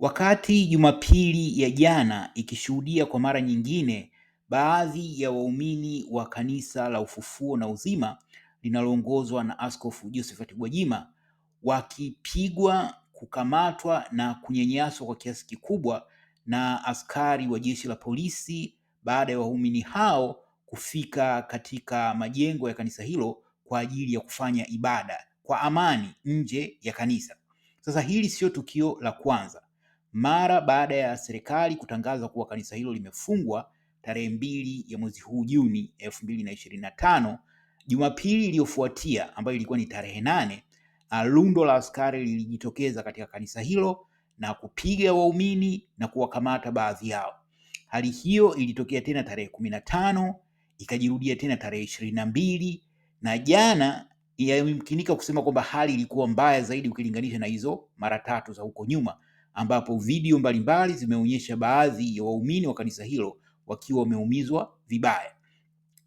Wakati Jumapili ya jana ikishuhudia kwa mara nyingine baadhi ya waumini wa Kanisa la Ufufuo na Uzima linaloongozwa na Askofu Josephat Gwajima wakipigwa, kukamatwa na kunyanyaswa kwa kiasi kikubwa na askari wa jeshi la polisi baada ya waumini hao kufika katika majengo ya kanisa hilo kwa ajili ya kufanya ibada kwa amani nje ya kanisa. Sasa hili sio tukio la kwanza, mara baada ya serikali kutangaza kuwa kanisa hilo limefungwa tarehe mbili ya mwezi huu Juni elfu mbili na ishirini na tano. Jumapili iliyofuatia ambayo ilikuwa ni tarehe nane, lundo la askari lilijitokeza katika kanisa hilo na kupiga waumini na kuwakamata baadhi yao. Hali hiyo ilitokea tena tarehe kumi na tano ikajirudia tena tarehe ishirini na mbili na jana yamkinika kusema kwamba hali ilikuwa mbaya zaidi ukilinganisha na hizo mara tatu za huko nyuma ambapo video mbalimbali zimeonyesha baadhi ya waumini wa kanisa hilo wakiwa wameumizwa vibaya.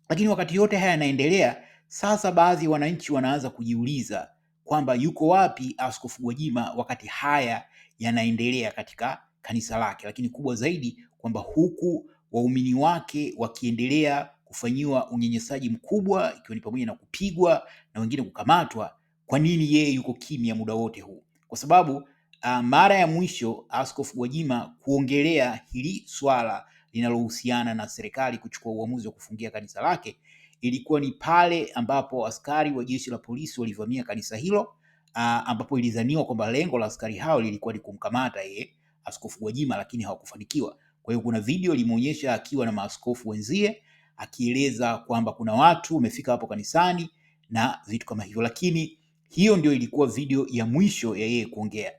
Lakini wakati yote haya yanaendelea, sasa baadhi ya wananchi wanaanza kujiuliza kwamba yuko wapi Askofu Gwajima wakati haya yanaendelea katika kanisa lake, lakini kubwa zaidi kwamba huku waumini wake wakiendelea kufanyiwa unyenyesaji mkubwa, ikiwa ni pamoja na kupigwa na wengine kukamatwa. Kwa nini yeye yuko kimya muda wote huu? Kwa sababu Ah, mara ya mwisho Askofu Gwajima kuongelea hili swala linalohusiana na serikali kuchukua uamuzi wa kufungia kanisa lake ilikuwa ni pale ambapo askari wa jeshi la polisi walivamia kanisa hilo, ah, ambapo ilizaniwa kwamba lengo la askari hao lilikuwa ni kumkamata yeye Askofu Gwajima, lakini hawakufanikiwa. Kwa hiyo kuna video limeonyesha akiwa na maaskofu wenzie akieleza kwamba kuna watu wamefika hapo kanisani na vitu kama hivyo, lakini hiyo ndio ilikuwa video ya mwisho ya yeye kuongea.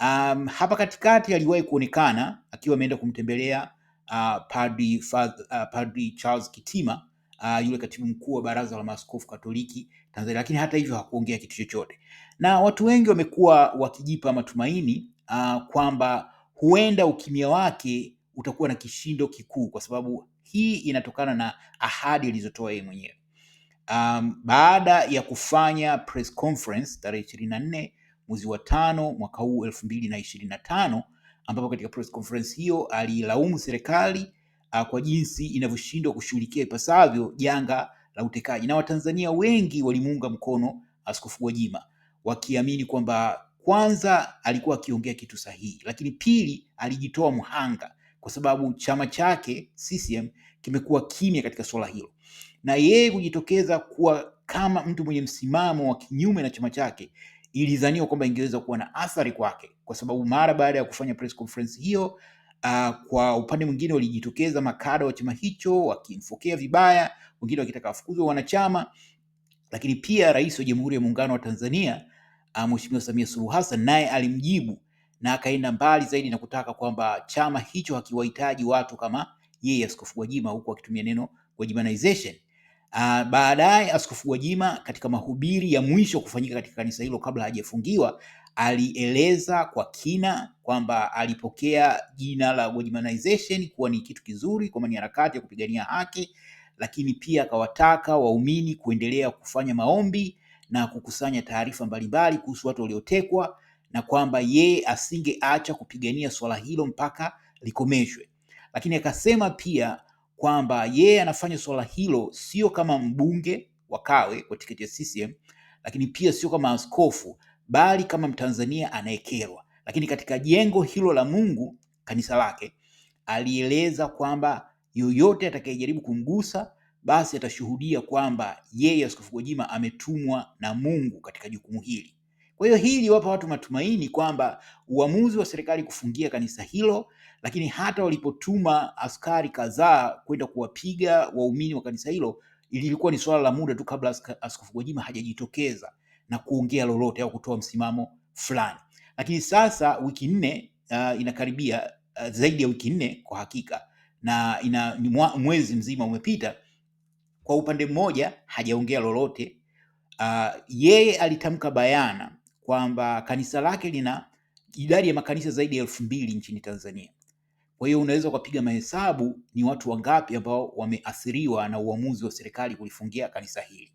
Um, hapa katikati aliwahi kuonekana akiwa ameenda kumtembelea uh, Padri, uh, Padri Charles Kitima uh, yule katibu mkuu wa Baraza la Maaskofu Katoliki Tanzania, lakini hata hivyo hakuongea kitu chochote, na watu wengi wamekuwa wakijipa matumaini uh, kwamba huenda ukimya wake utakuwa na kishindo kikuu, kwa sababu hii inatokana na ahadi alizotoa yeye mwenyewe um, baada ya kufanya press conference tarehe ishirini na nne mwezi wa tano mwaka huu elfu mbili na ishirini na tano ambapo katika press conference hiyo alilaumu serikali ah, kwa jinsi inavyoshindwa kushughulikia ipasavyo janga la utekaji, na Watanzania wengi walimuunga mkono Askofu Gwajima wakiamini kwamba kwanza alikuwa akiongea kitu sahihi, lakini pili alijitoa mhanga kwa sababu chama chake CCM kimekuwa kimya katika swala hilo, na yeye kujitokeza kuwa kama mtu mwenye msimamo wa kinyume na chama chake ilidhaniwa kwamba ingeweza kuwa na athari kwake, kwa sababu mara baada ya kufanya press conference hiyo Uh, kwa upande mwingine walijitokeza makada wa chama hicho wakimfokea vibaya, wengine wakitaka afukuzwe wanachama, lakini pia Rais wa Jamhuri ya Muungano wa Tanzania uh, Mheshimiwa Samia Suluhu Hassan naye alimjibu na akaenda mbali zaidi na kutaka kwamba chama hicho hakiwahitaji watu kama yeye Askofu Gwajima, huku akitumia neno Gwajimanization. Uh, baadaye Askofu Gwajima katika mahubiri ya mwisho kufanyika katika kanisa hilo kabla hajafungiwa alieleza kwa kina kwamba alipokea jina la Gwajimanization kuwa ni kitu kizuri, kwamba ni harakati ya kupigania haki, lakini pia akawataka waumini kuendelea kufanya maombi na kukusanya taarifa mbalimbali kuhusu watu waliotekwa na kwamba yeye asingeacha kupigania swala hilo mpaka likomeshwe. Lakini akasema pia kwamba yeye anafanya swala hilo sio kama mbunge wa Kawe kwa tiketi ya CCM, lakini pia sio kama askofu, bali kama Mtanzania anayekerwa. Lakini katika jengo hilo la Mungu, kanisa lake, alieleza kwamba yoyote atakayejaribu kumgusa basi atashuhudia kwamba yeye Askofu Gwajima ametumwa na Mungu katika jukumu hili. Kwa hiyo hii wapa watu matumaini kwamba uamuzi wa serikali kufungia kanisa hilo lakini hata walipotuma askari kadhaa kwenda kuwapiga waumini wa kanisa hilo, ilikuwa ni swala la muda tu kabla Askofu Gwajima hajajitokeza na kuongea lolote au kutoa msimamo fulani. Lakini sasa wiki nne uh, inakaribia uh, zaidi ya wiki nne kwa hakika, na ina mwezi mzima umepita. Kwa upande mmoja hajaongea lolote. Uh, yeye alitamka bayana kwamba kanisa lake lina idadi ya makanisa zaidi ya elfu mbili nchini Tanzania kwa hiyo unaweza ukapiga mahesabu ni watu wangapi ambao wameathiriwa na uamuzi wa serikali kulifungia kanisa hili.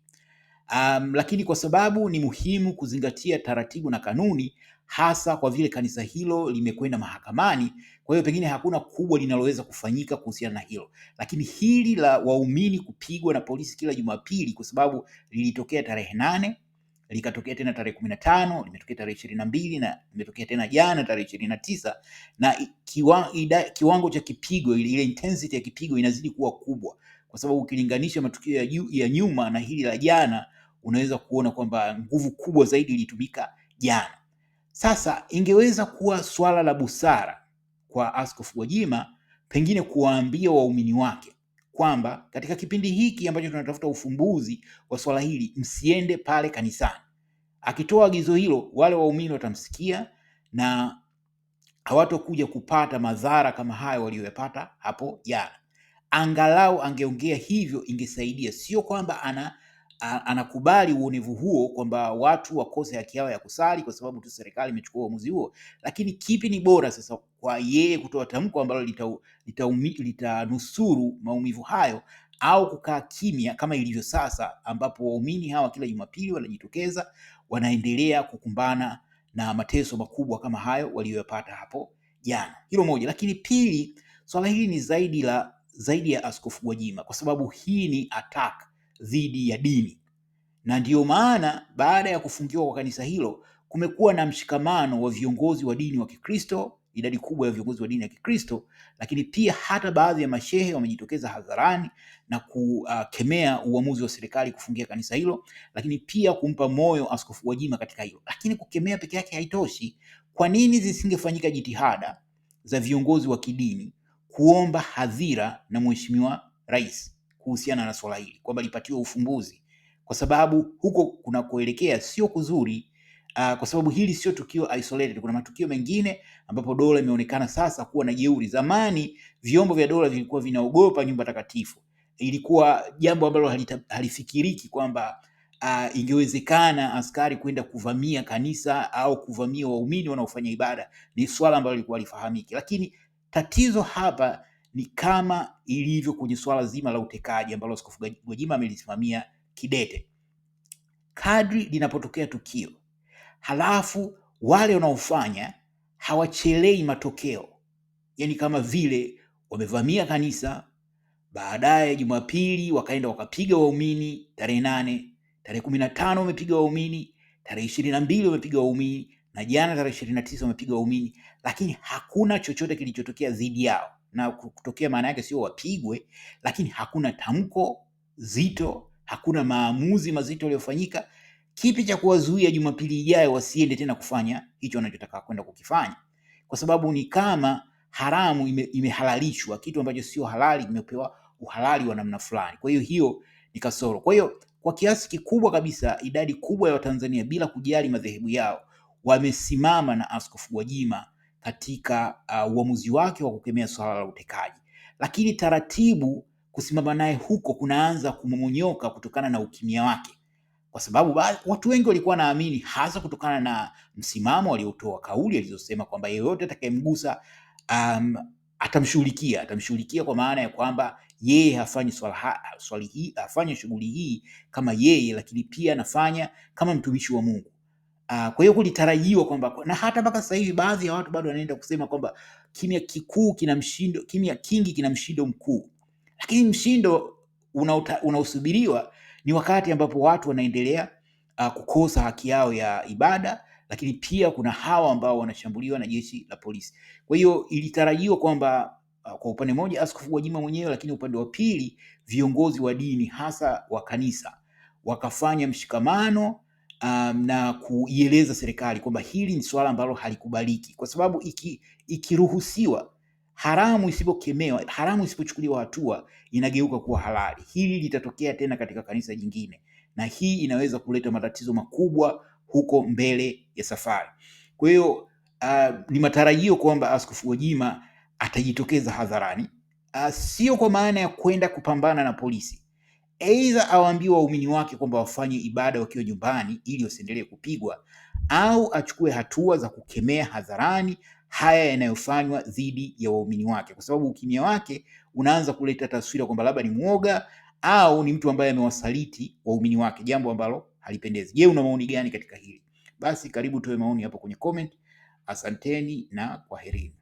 Um, lakini kwa sababu ni muhimu kuzingatia taratibu na kanuni, hasa kwa vile kanisa hilo limekwenda mahakamani. Kwa hiyo pengine hakuna kubwa linaloweza kufanyika kuhusiana na hilo, lakini hili la waumini kupigwa na polisi kila Jumapili, kwa sababu lilitokea tarehe nane likatokea tena tarehe kumi na tano limetokea tarehe ishirini na mbili na limetokea tena jana tarehe ishirini na tisa na kiwa, ida, kiwango cha kipigo ile intensity ya kipigo inazidi kuwa kubwa, kwa sababu ukilinganisha matukio ya, ya nyuma na hili la jana unaweza kuona kwamba nguvu kubwa zaidi ilitumika jana. Sasa ingeweza kuwa swala la busara kwa Askofu Gwajima pengine kuwaambia waumini wake kwamba katika kipindi hiki ambacho tunatafuta ufumbuzi wa swala hili, msiende pale kanisani. Akitoa agizo hilo, wale waumini watamsikia na hawatokuja kupata madhara kama hayo waliyoyapata hapo jana. Angalau angeongea hivyo, ingesaidia. Sio kwamba ana anakubali uonevu huo kwamba watu wakose haki yao ya kusali kwa sababu tu serikali imechukua uamuzi huo, lakini kipi ni bora sasa kwa yeye kutoa tamko ambalo litanusuru lita maumivu hayo au kukaa kimya kama ilivyo sasa, ambapo waumini hawa kila Jumapili wanajitokeza wanaendelea kukumbana na mateso makubwa kama hayo waliyoyapata hapo jana. Hilo moja, lakini pili, swala hili ni zaidi la zaidi ya Askofu Gwajima kwa sababu hii ni attack dhidi ya dini, na ndiyo maana baada ya kufungiwa kwa kanisa hilo kumekuwa na mshikamano wa viongozi wa dini wa Kikristo, idadi kubwa ya viongozi wa dini ya Kikristo, lakini pia hata baadhi ya mashehe wamejitokeza hadharani na kukemea uamuzi wa serikali kufungia kanisa hilo, lakini pia kumpa moyo Askofu Gwajima katika hilo. Lakini kukemea peke yake haitoshi. Kwa nini zisingefanyika jitihada za viongozi wa kidini kuomba hadhira na Mheshimiwa Rais kuhusiana na swala hili kwamba lipatiwe ufumbuzi, kwa sababu huko kuna kuelekea sio kuzuri. Uh, kwa sababu hili sio tukio isolated. Kuna matukio mengine ambapo dola imeonekana sasa kuwa na jeuri. Zamani vyombo vya dola vilikuwa vinaogopa nyumba takatifu, ilikuwa jambo ambalo halifikiriki kwamba uh, ingewezekana askari kwenda kuvamia kanisa au kuvamia waumini wanaofanya ibada. Ni swala ambalo lilikuwa lifahamiki, lakini tatizo hapa ni kama ilivyo kwenye swala zima la utekaji ambalo Askofu Gwajima amelisimamia kidete. Kadri linapotokea tukio, halafu wale wanaofanya hawachelei matokeo, yaani kama vile wamevamia kanisa, baadaye Jumapili wakaenda wakapiga waumini tarehe nane, tarehe kumi na tano wamepiga waumini, tarehe ishirini na mbili wamepiga waumini na jana tarehe ishirini na tisa wamepiga waumini, lakini hakuna chochote kilichotokea dhidi yao na kutokea, maana yake sio wapigwe, lakini hakuna tamko zito, hakuna maamuzi mazito yaliyofanyika. Kipi cha kuwazuia Jumapili ijayo wasiende tena kufanya hicho wanachotaka kwenda kukifanya? Kwa sababu ni kama haramu ime, imehalalishwa kitu ambacho sio halali, kimepewa uhalali wa namna fulani. Kwa hiyo hiyo ni kasoro. Kwa hiyo kwa kiasi kikubwa kabisa idadi kubwa ya Watanzania bila kujali madhehebu yao wamesimama na Askofu Gwajima katika uh, uamuzi wake wa kukemea swala la utekaji, lakini taratibu kusimama naye huko kunaanza kumomonyoka kutokana na ukimya wake, kwa sababu watu wengi walikuwa naamini, hasa kutokana na msimamo aliotoa, kauli alizosema kwamba yeyote atakayemgusa um, atamshughulikia atamshughulikia, kwa maana ya kwamba yeye hafanyi swali hii, hafanyi shughuli hii kama yeye, lakini pia anafanya kama mtumishi wa Mungu. Ah, kwa hiyo kulitarajiwa kwamba, na hata mpaka sasa hivi baadhi ya watu bado wanaenda kusema kwamba kimya kikuu kina mshindo, kimya kingi kina mshindo mkuu, lakini mshindo unaosubiriwa ni wakati ambapo watu wanaendelea uh, kukosa haki yao ya ibada, lakini pia kuna hawa ambao wanashambuliwa na jeshi la polisi. Kwa hiyo ilitarajiwa kwamba uh, kwa upande mmoja Askofu Gwajima mwenyewe, lakini upande wa pili viongozi wa dini hasa wa kanisa wakafanya mshikamano um, na kuieleza serikali kwamba hili ni suala ambalo halikubaliki, kwa sababu iki, ikiruhusiwa haramu isipokemewa, haramu isipochukuliwa hatua inageuka kuwa halali. Hili litatokea tena katika kanisa jingine, na hii inaweza kuleta matatizo makubwa huko mbele ya safari. Kwa hiyo uh, ni matarajio kwamba Askofu Gwajima atajitokeza hadharani uh, sio kwa maana ya kwenda kupambana na polisi Aidha awaambie waumini wake kwamba wafanye ibada wakiwa nyumbani ili wasiendelee kupigwa, au achukue hatua za kukemea hadharani haya yanayofanywa dhidi ya waumini wake, kwa sababu ukimya wake unaanza kuleta taswira kwamba labda ni mwoga au ni mtu ambaye amewasaliti waumini wake, jambo ambalo halipendezi. Je, una maoni gani katika hili? Basi karibu tuwe maoni hapo kwenye comment. Asanteni na kwaherini.